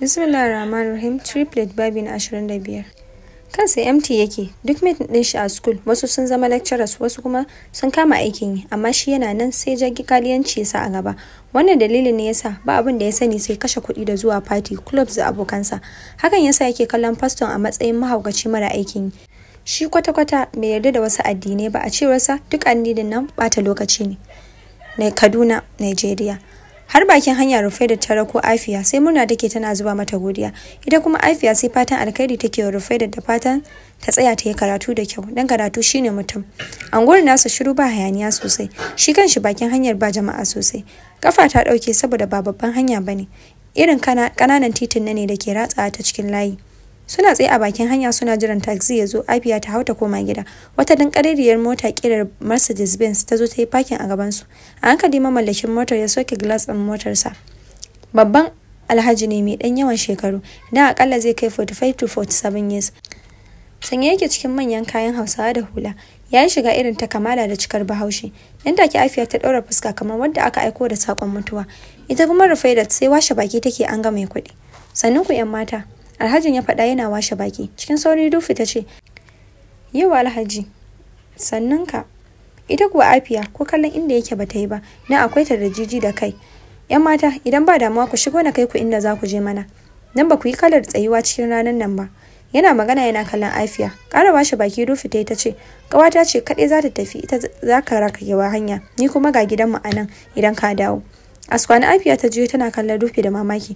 Bismillah Rahman Rahim triplet babi na biyar. Kansa MT yake duk mate ɗin shi a school wasu sun zama lecturers wasu kuma sun kama aikin yi amma shi yana nan sai jagi kaliyanci ya sa a gaba wannan dalilin ne ya sa ba abin da ya sani sai kashe kuɗi da zuwa party clubs da abokansa hakan yasa yake kallon faston a matsayin mahaukaci mara aikin yi shi kwata-kwata bai yarda da wasu addinai ba a cewarsa duk addinin nan bata lokaci ne na Kaduna Nigeria har bakin hanya rufe da tara ko afiya sai murna take tana zuba mata godiya ita kuma afiya sai fatan alkhairi take rufe da fatan ta tsaya ta yi karatu da kyau dan karatu shine mutum anguwar nasu shiru ba hayaniya sosai shi kanshi bakin hanyar ba jama'a sosai kafa ta dauke saboda ba babban hanya bane irin kananan titin ne da ke ratsa ta cikin layi Suna tsaye a bakin hanya suna jiran taxi ya zo afiya ta hauta koma gida. Wata dankarariyar mota kirar Mercedes Benz ta zo ta yi parking a gaban su A hankali mamallakin motar ya soke glass ɗin motarsa. Babban alhaji ne mai dan yawan shekaru, dan akalla zai kai 45 to 47 years. Sanye yake cikin manyan kayan Hausawa da hula. Ya yi shiga irin ta kamala da cikar Bahaushe. yan take Afiya ta ɗaura fuska kamar wadda aka aiko da sakon mutuwa. Ita kuma Rufaidat sai washe baki take an ga mai kuɗi. Sannan ku 'yan mata, alhajin ya faɗa yana washe baki cikin sauri dufi ta ce yau alhaji sannan ka ita kuwa afiya ko kallon inda yake bata yi ba na akwai ta da jiji da kai yan mata idan ba damuwa ku shigo na kai ku inda za ku je mana nan ba ku yi kalar tsayuwa cikin ranar nan ba yana magana yana kallon afiya ƙara washe baki rufi ta ta ce ƙawata ce kaɗai za ta tafi ita za ka raka yawa hanya ni kuma ga gidanmu a nan idan ka dawo askwani afiya ta jiyo tana kallon rufi da mamaki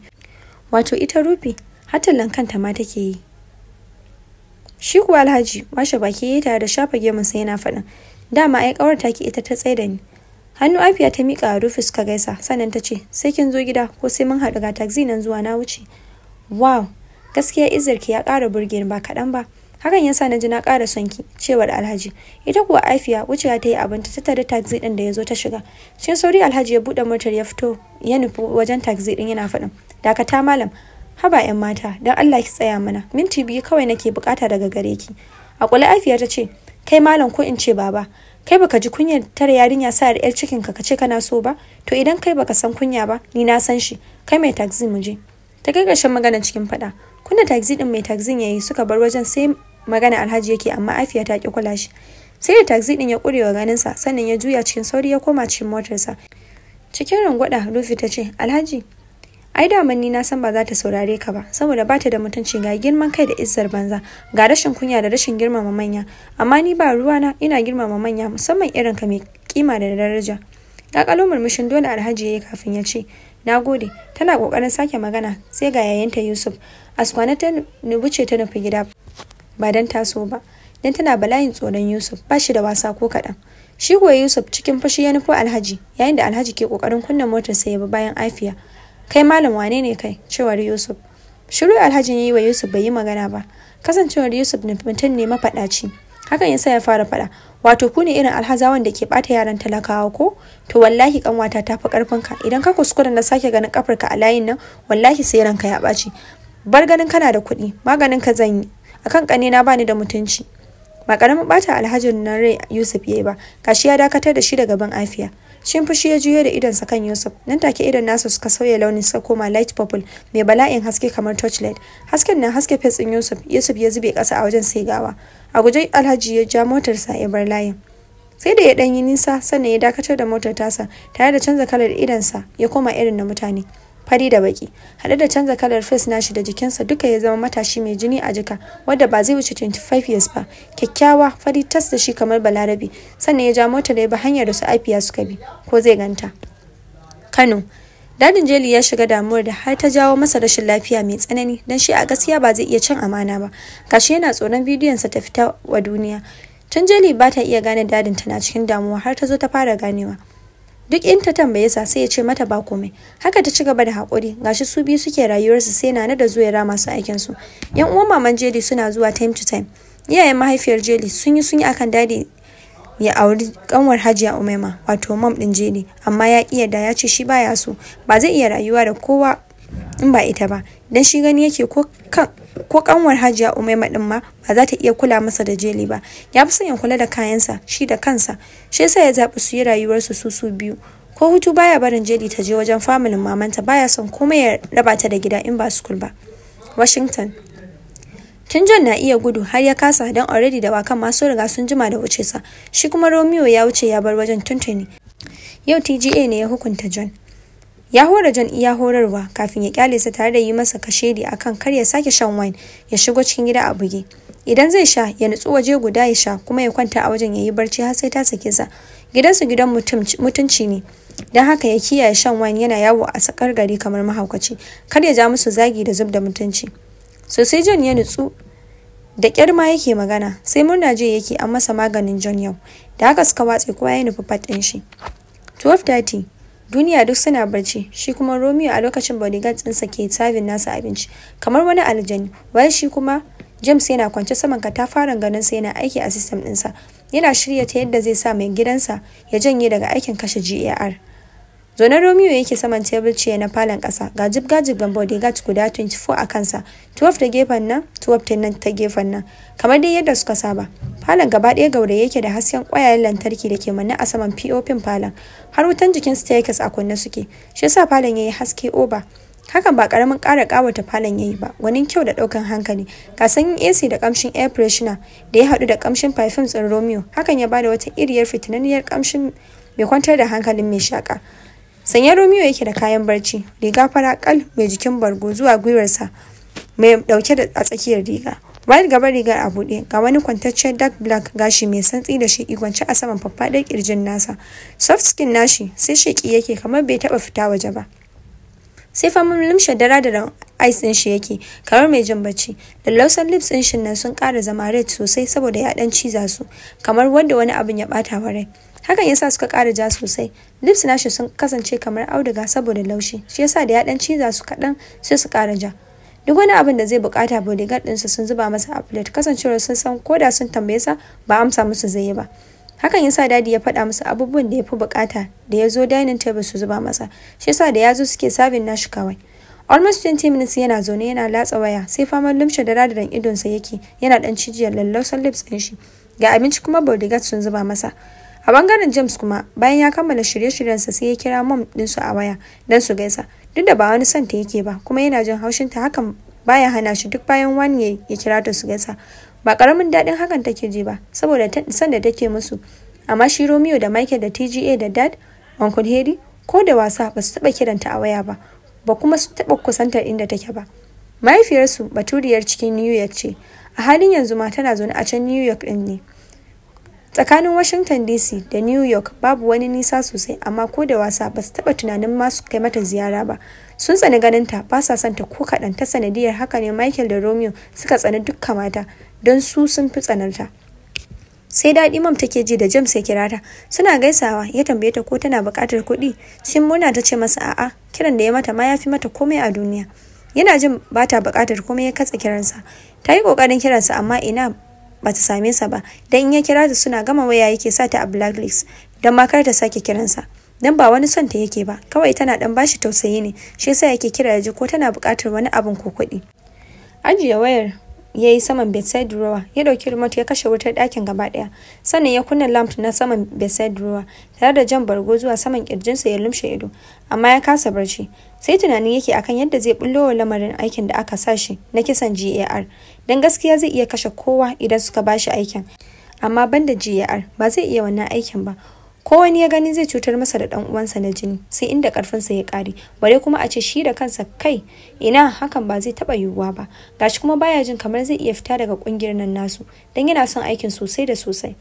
wato ita rufi hatallan kanta ma take yi shi kuwa alhaji washe baki ya tare da shafa gemun sai yana faɗin dama ai kawar ki ita ta tsaida ni hannu afiya ta miƙa rufus ka gaisa sannan ta ce sai kin zo gida ko sai mun haɗu ga taxi nan zuwa na wuce wow gaskiya izirki ya kara burge ba kaɗan ba hakan yasa na ji na kara son ki cewar alhaji ita kuwa afiya wucewa ta yi abinta ta tare taxi din da ya zo ta shiga cikin sauri alhaji ya buɗe motar ya fito ya nufi wajen taxi ɗin yana faɗin dakata malam haba 'yan mata don allah ki tsaya mana minti biyu kawai nake bukata daga gare ki a kula afiya ta ce kai malam ko in ce baba kai baka ji kunyar tare yarinya sa yar cikin ka kace kana so ba to idan kai baka san kunya ba ni na san shi kai mai taxi mu je ta kai gashin magana cikin fada kunna taxi din mai taxi yayi suka bar wajen sai magana alhaji yake amma afiya ta ki kula shi sai da taxi din ya kure ganin sa sannan ya juya cikin sauri ya koma cikin motarsa cikin rungwada rufi ta ce alhaji ai da ni na san ba za ta saurare ka ba saboda ba ta da mutunci ga girman kai da izzar banza ga rashin kunya da rashin girmama manya amma ni ba ruwa na ina girmama manya musamman irin ka mai kima da daraja kakalo murmushin dole alhaji yayi kafin ya ce na gode tana kokarin sake magana sai ga yayanta yusuf askwana ta nubu ce ta nufi gida ba don taso ba don tana bala'in tsoron yusuf ba shi da wasa ko kaɗan shi kuwa yusuf cikin fushi ya nufi alhaji yayin da alhaji ke kokarin kunna motar sa ya bi bayan afiya kai malam wane ne kai cewar yusuf shiru alhaji yi wa yusuf bai yi magana ba kasancewar yusuf mutum ne mafaɗaci hakan yasa ya fara faɗa wato ku ne irin alhazawan da ke bata yaran talakawa ko to wallahi kanwata ta fi karfin ka idan ka kuskura na sake ganin kafarka a layin nan wallahi sai ranka ya ɓaci bar ganin kana da kuɗi maganin ka zan yi akan kane na bani da mutunci ba karamin bata alhajin nan rai Yusuf yayi ba kashi ya dakatar da shi daga ban afiya shin fushi ya juyo da sa kan yusuf nan take idon nasu suka sauya launi suka koma light purple mai bala'in haske kamar torchlight hasken nan haske fes ɗin yusuf yusuf ya zube ƙasa a wajen sai gawa a guje alhaji ya ja motarsa ya bar layin sai da ya dan yi nisa sannan ya dakatar da motar tasa tare da canza kalar idonsa ya koma irin na mutane fari da baki haɗe da canza kalar face nashi da jikinsa duka ya zama matashi mai jini a jika wadda ba zai wuce 25 years ba kyakkyawa fari tas da shi kamar balarabi sannan ya ja mota da ya bi hanyar da su afiya suka bi ko zai ganta kano dadin jeli ya shiga damuwar da har ta jawo masa rashin lafiya mai tsanani don shi a gaskiya ba zai iya cin amana ba gashi yana tsoron bidiyon sa ta fita wa duniya tun jeli ba ta iya gane dadin tana cikin damuwa har ta zo ta fara ganewa duk in ta tambaye sa sai ya ce mata ba komai haka ta ci gaba da haƙuri gashi su biyu suke rayuwarsu sai na da zuwa masu aikin su yan uwan maman jeli suna zuwa time to time iyayen mahaifiyar jeli sun yi sun yi akan dadi ya auri kanwar hajiya umaima wato mom din jeli amma ya ƙi yarda ya ce shi baya so ba zai iya rayuwa da kowa in ba ita ba dan shi gani yake ko kan ko kanwar hajiya umaima din ma ba za ta iya kula masa da jeli ba ya fi son ya kula da kayansa shi da kansa shi yasa ya zaɓi su yi rayuwarsu su su biyu ko hutu baya barin jeli ta je wajen familin mamanta baya son komai ya raba ta da gida in ba school ba washington tun john na iya gudu har ya kasa don already da wakan masu riga sun jima da wuce sa shi kuma romeo ya wuce ya bar wajen tuntuni yau tga ne ya hukunta john ya hora jan iya horarwa kafin ya kyale sa tare da yi masa kashedi akan kar ya sake shan wine ya shigo cikin gida a buge idan zai sha ya nutsu waje guda ya sha kuma ya kwanta a wajen ya yi barci har sai ta sake sa gidansu gidan mutunci ne don haka ya kiyaye shan wine yana yawo a sakar gari kamar mahaukaci kar ya ja musu zagi da zub da mutunci sosai john ya nutsu da kyar ma yake magana sai murna je yake an masa maganin john yau da haka suka watse kowa ya nufi fat shi 12:30 Duniya duk suna barci, shi kuma Romeo a lokacin bodyguard ɗinsa ke sabin nasa abinci, kamar wani aljani, wani shi kuma James yana kwance saman katafaren ganinsa yana aiki a sistem ɗinsa, yana shirya ta yadda zai sa mai gidansa ya janye daga aikin kashe GAR. Zonar Romeo yake saman tebul ce na falon kasa ga jibga da bodyguard guda 24 a kansa, 12 da gefen nan, 12 ta nan ta gefen nan, kamar dai yadda suka saba. Falon gaba ɗaya gaure yake da hasken ƙwayayen lantarki da ke manne a saman POPin falon, har wutan jikin staircase a kunne suke, shi yasa falon ya yi haske oba. Hakan ba karamin ƙara ƙawata falon yayi ba, wani kyau da ɗaukan hankali. Ga sanyin AC da kamshin air freshener da ya haɗu da kamshin perfume ɗin Romeo, hakan ya bada wata iriyar fitinanniyar ƙamshin mai kwantar da hankalin mai shaƙa. sanya romeo yake da kayan barci riga fara kal mai jikin bargo zuwa gwiwarsa mai dauke da a tsakiyar riga wayar gaba rigar a bude ga wani kwantacciyar dark black gashi mai santsi da shi kwance a saman faffaɗar kirjin nasa soft skin nashi sai sheki yake kamar bai taba fita waje ba sai famin limshe dara da ice din shi yake kamar mai jin bacci lallausan lips din shi nan sun kara zama red sosai saboda ya dan ciza su kamar wanda wani abin ya bata wa rai hakan yasa suka ƙara ja sosai lips nashi sun kasance kamar auduga saboda laushi shi yasa da ya dan ciza su kaɗan sai su ƙara ja duk wani abin da zai bukata din ɗinsa sun zuba masa a plate kasancewar sun san ko da sun tambaye sa ba amsa musu zai yi ba hakan yasa dadi ya faɗa musu abubuwan da ya fi bukata da ya zo dining table su zuba masa shi yasa da ya zo suke sabin nashi kawai almost 20 minutes yana zaune yana latsa waya sai faman lumshe da radaran sa yake yana dan cijiyar lallausan lips din shi ga abinci kuma bodyguard sun zuba masa a bangaren james kuma bayan ya kammala shirye-shiryensa sai ya kira mom din su a waya don su gaisa duk da ba wani son ta yake ba kuma yana jin haushin ta hakan baya hana shi duk bayan wani ya kira ta su gaisa ba karamin daɗin hakan take ji ba saboda san da take musu amma shi romeo da michael da tga da dad uncle hedy ko da wasa ba su taɓa kiranta a waya ba ba kuma su taɓa kusantar inda take ba mahaifiyarsu baturiyar cikin new york ce a halin yanzu ma tana zaune a can new york ɗin ne tsakanin washington dc da new york babu wani nisa sosai amma ko da wasa ba su taba tunanin masu kai mata ziyara ba sun tsani ganin ta ba sa ta ko kaɗan ta sanadiyar haka ne michael da romeo suka tsani dukka mata don su sun fi tsanarta sai daɗi mam take ji da james ya kira ta suna gaisawa ya tambaye ta ko tana buƙatar kuɗi shin murna ta ce masa a'a kiran da ya mata ma ya fi mata komai a duniya yana jin ba ta buƙatar komai ya katse kiransa ta yi ƙoƙarin kiransa amma ina ba ta same sa ba dan in ya kira ta suna gama waya yake sa ta a blacklist don ma kar ta sake kiransa dan ba wani son ta yake ba kawai tana dan bashi tausayi ne shi yasa yake kira ya ji ko tana buƙatar wani abin ko kuɗi ajiye wayar ya yi saman bedside drawer ya ɗauki remote ya kashe wutar ɗakin gaba ɗaya sannan ya kunna lamp na saman bedside drawer tare da jan bargo zuwa saman kirjinsa ya lumshe ido amma ya kasa barci sai tunanin yake akan yadda zai bullo wa lamarin aikin da aka sa shi na kisan GAR don gaskiya zai iya kashe kowa idan suka ba shi aikin amma banda GAR ba zai iya wannan aikin ba ko wani ya gani zai cutar masa da dan uwansa na jini sai inda karfinsa ya kare bare kuma a ce shi da kansa kai ina hakan ba zai taba yiwuwa ba gashi kuma baya jin kamar zai iya fita daga kungiyar nan nasu dan yana son aikin sosai da sosai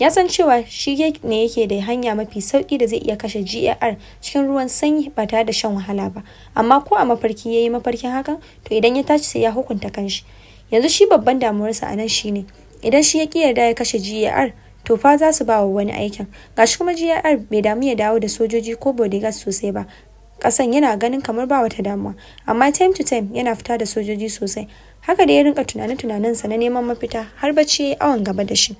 ya san cewa shi ne yake da hanya mafi sauki da zai iya kashe GAR cikin ruwan sanyi ba tare da shan wahala ba amma ko a mafarki yayi mafarkin hakan to idan ya tashi sai ya hukunta kanshi yanzu shi babban damuwarsa a nan shine idan shi ya kiyarda ya kashe GAR to fa za su ba wa wani aikin gashi kuma GAR bai damu ya dawo da sojoji ko bodyguards sosai ba kasan yana ganin kamar ba wata damuwa amma time to time yana fita da sojoji sosai haka da ya rinka tunanin tunaninsa na neman mafita har bacci ya yi awon gaba da shi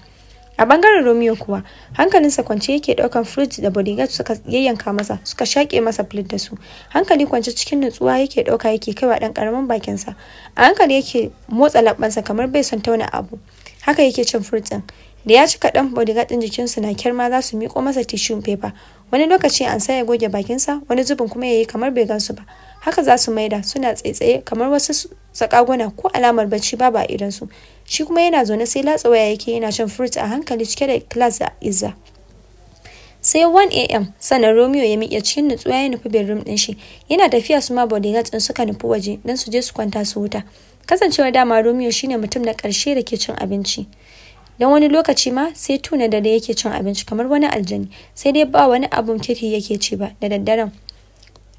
a bangaren romeo kuwa hankalinsa kwance yake daukan fruit da bodyguard suka yayyanka masa suka shaƙe masa plate da su hankali kwance cikin nutsuwa yake dauka yake kaiwa dan karamin bakinsa a hankali yake motsa labbansa kamar bai son tauna abu haka yake cin fruit din da ya cika dan bodyguard din jikinsu na kyarma za su miƙo masa tissue paper wani lokaci an sa ya goge bakinsa wani zubin kuma yayi kamar bai gansu ba haka za su maida suna tsaitsaye kamar wasu sakaguna ko alamar bacci babu a su shi kuma yana zaune sai latsa waya yake yana shan fruit a hankali cike da class da izza sai 1 am sannan romeo ya miƙe cikin nutsuwa ya nufi bedroom ɗin shi yana tafiya su ma bodyguards din suka nufi waje dan su je su kwanta su huta kasancewar dama romeo shine mutum na ƙarshe da ke cin abinci dan wani lokaci ma sai tuna da da yake cin abinci kamar wani aljani sai dai ba wani abun kirki yake ci ba da daddaren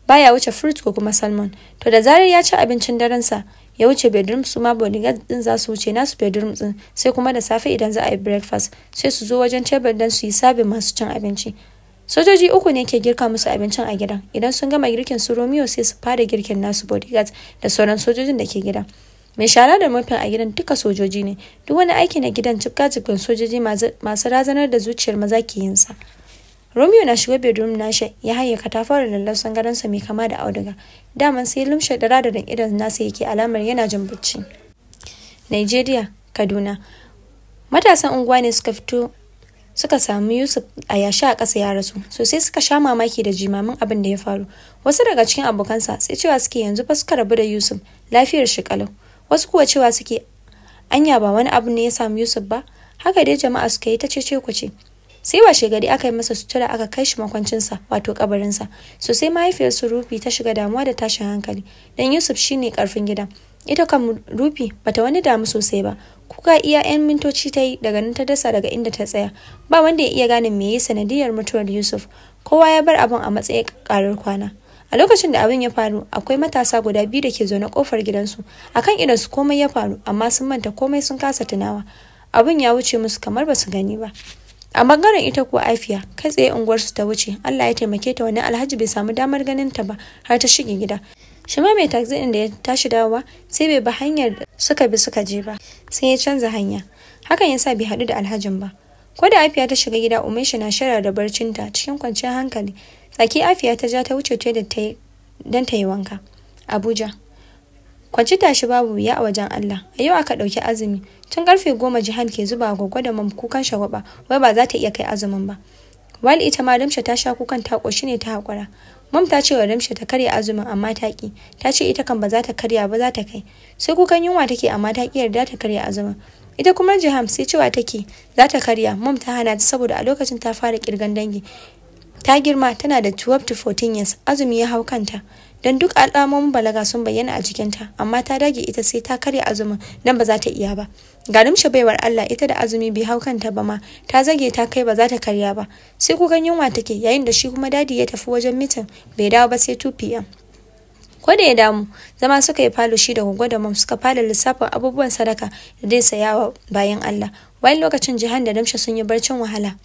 baya wuce fruit ko kuma salmon to da zarar ya ci abincin daren sa ya wuce bedroom su ma bodyguard din za su wuce nasu bedroom din sai kuma da safe idan za a yi breakfast sai su zo wajen tebur dan su yi sabin masu cin abinci sojoji uku ne ke girka musu abincin a gidan idan sun gama girkin su romeo sai su fara girkin nasu bodyguards da sauran sojojin da ke gidan mai shara da murfin a gidan duka sojoji ne duk wani aiki na gidan cikka cikin sojoji masu razanar da zuciyar maza ke yinsa. sa Romeo na shiga bedroom nashi ya haye katafaren lallasan gadonsa mai kama da auduga. Daman sai lumshe da dan idan nasa yake alamar yana jin bacci. Nigeria, Kaduna. Matasan unguwa ne suka fito suka samu Yusuf a yashi a ƙasa ya rasu sosai suka sha mamaki da jimamin abin da ya faru wasu daga cikin abokansa sai cewa suke yanzu fa suka rabu da Yusuf lafiyar shi kalau wasu kuwa cewa suke anya ba wani abu ne ya samu Yusuf ba haka dai jama'a suka yi ta cece ce. sai washe gari aka yi masa sutura aka kai shi makwancinsa wato kabarinsa sosai mahaifiyar su rufi ta shiga damuwa da tashin hankali dan yusuf shine karfin gida ita kan rufi bata wani damu sosai ba kuka iya yan mintoci ta yi daga nan ta dasa daga inda ta tsaya ba wanda ya iya gane me yi sanadiyar mutuwar yusuf kowa ya bar abin a matsayin karar kwana a lokacin da abin ya faru akwai matasa guda biyu da ke zaune kofar gidansu akan idan su komai ya faru amma sun manta komai sun kasa tunawa abin ya wuce musu kamar ba su gani ba a bangaren ita ko afiya kai tsaye unguwarsu ta wuce allah ya taimake ta wani alhaji bai samu damar ganin ta ba har ta shige gida shima mai taxi din da ya tashi dawowa sai bai bi hanyar da suka bi suka je ba sai ya canza hanya hakan ya sa bai haɗu da alhajin ba ko da afiya ta shiga gida umaisha na shara da barcinta cikin kwanciyar hankali tsaki afiya ta ja ta wuce ta da tai don ta yi wanka abuja kwanci tashi babu wuya a wajen allah a yau aka ɗauki azumi tun karfe goma jihan ke zuba gwagwa da mam kukan shagwaba wai ba za ta iya kai azumin ba wali ita ma damsha ta sha kukan ta koshi ne ta hakura mam ta ce wa damsha ta karya azumin amma ta ki ta ce ita kan ba za ta karya ba za ta kai sai kukan yunwa take amma ta ki yarda ta karya azumin ita kuma jiham sai cewa take za ta karya mam ta hana ta saboda a lokacin ta fara kirgan dangi ta girma tana da 12 to 14 years azumi ya hau kanta don duk al'amomin balaga sun bayyana a jikinta amma ta dage ita sai ta karya azumin nan ba za ta iya ba ga baiwar Allah ita da azumi bai hau kanta ba ma ta zage ta kai ba za ta karya ba sai ku ganyen yunwa take yayin da shi kuma dadi ya tafi wajen mitin bai dawo ba sai 2 pm ko da ya damu zama suka yi falo shi da gungun da mam suka fara lissafin abubuwan sadaka da dai sayawa bayan Allah wani lokacin jihan da damsha sun yi barcin wahala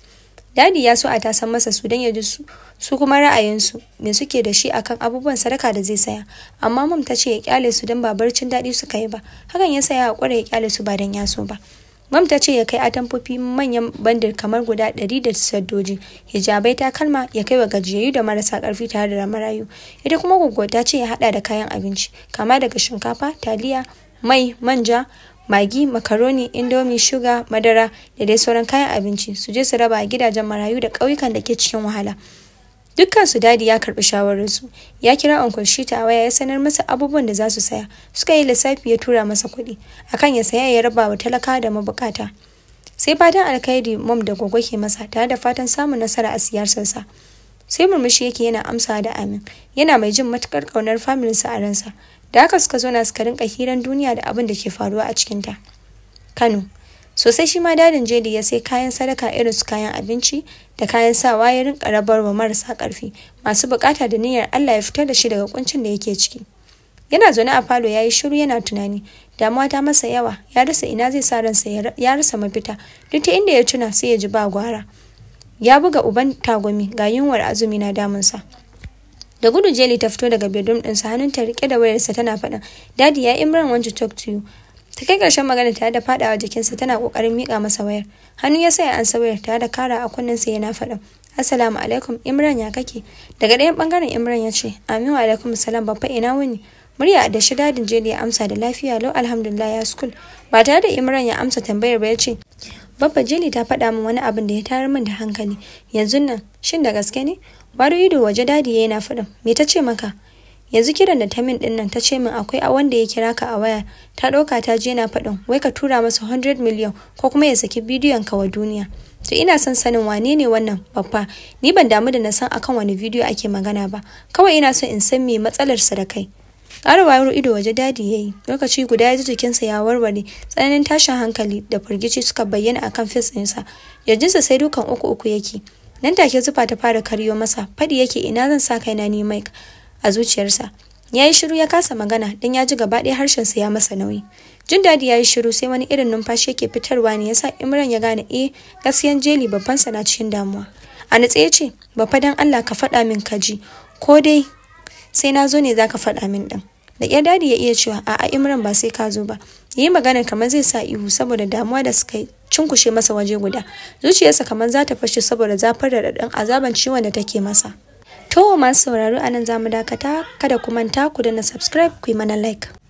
dadi ya so a tasan masa su don ya ji su su kuma ra'ayinsu me suke da shi akan abubuwan sadaka da zai saya amma mam ta ce ya kyale su don barcin daɗi suka yi ba hakan ya saya hakura ya kyale su ba don ya so ba mam ta ce ya kai atamfofi manyan bandir kamar guda ɗari da sadoji hijabai takalma ya kai wa gajiyayyu da marasa karfi tare da marayu ita kuma goggo ta ce ya haɗa da kayan abinci kama daga shinkafa taliya mai manja magi makaroni indomi shuga madara da dai sauran kayan abinci su je su raba a gidajen marayu da ƙauyukan da ke cikin wahala dukkan su dadi ya karbi shawararsu ya kira uncle shita a waya ya sanar masa abubuwan da za su saya suka yi lissafi ya tura masa kuɗi akan ya saya ya raba wa talaka da mabukata sai fatan alkhairi mom da gogo ke masa tare da fatan samun nasara a sa sai murmushi yake yana amsa da amin yana mai jin matukar kaunar familinsa a ransa da haka suka zo na suka rinka hiran duniya da abin da ke faruwa a cikinta kano sosai shi ma dadin jeli ya sai kayan sadaka irin su kayan abinci da kayan sawa ya rinka rabarwa marasa karfi masu bukata da niyyar allah ya fitar da shi daga kuncin da yake ciki yana zaune a falo ya yi shiru yana tunani damuwa ta masa yawa ya rasa ina zai sa ransa ya rasa mafita duk ta inda ya tuna sai ya ji ba gwara ya buga uban tagumi ga yunwar azumi na damunsa da gudu jeli ta fito daga bedroom hannun ta rike da wayarsa tana faɗa dadi ya imran want to talk to you ta kai ƙarshen magana tare da faɗawa jikinsa tana ƙoƙarin miƙa masa wayar hannu ya saya an wayar tare da kara a sa yana faɗa assalamu alaikum imran ya kake daga dayan ɓangaren imran ya ce amin wa alaikum salam babba ina wuni murya da shi dadin jeli ya amsa da lafiya lau alhamdulillah ya school ba tare da imran ya amsa tambayar ba ya ce babba jeli ta faɗa min wani abin da ya tarar min da hankali yanzu nan shin da gaske ne wari ido waje dadi ya yana faɗin me ta ce maka yanzu kiran da tamin min din nan ta ce min akwai a wanda ya kira ka a waya ta ɗauka ta je yana faɗin wai ka tura masa 100 million ko kuma ya saki bidiyon ka wa duniya to ina son sanin wane ne wannan babba ni ban damu da na san akan wani bidiyo ake magana ba kawai ina son in san me matsalarsa da kai ƙara wayar ido waje dadi ya yi lokaci guda ya ji jikinsa ya warware tsananin tashin hankali da firgici suka bayyana akan fes ɗinsa yarjinsa sai dukan uku uku yake nan take zufa ta fara karyo masa faɗi yake ina zan sa kaina ni mike a zuciyarsa ya yi shiru ya kasa magana don ya ji gaba ɗaya harshensa ya masa nauyi jin daɗi ya yi shiru sai wani irin numfashi yake fitarwa ne yasa imran ya gane eh gaskiyan jeli babban sana cikin damuwa a natse ya ce bafa dan allah ka faɗa min ka ji ko dai sai na zo ne za ka faɗa min ɗin da ƙyar dadi ya iya cewa a'a imran ba sai ka zo ba yi magana kamar zai sa ihu saboda damuwa da suka yi cinkushe masa waje guda zuciyarsa kamar za ta fashe saboda zafin raɗaɗin azaban ciwon da take masa to masu sauraro anan za mu dakata kada ku manta ku dana subscribe ku yi mana like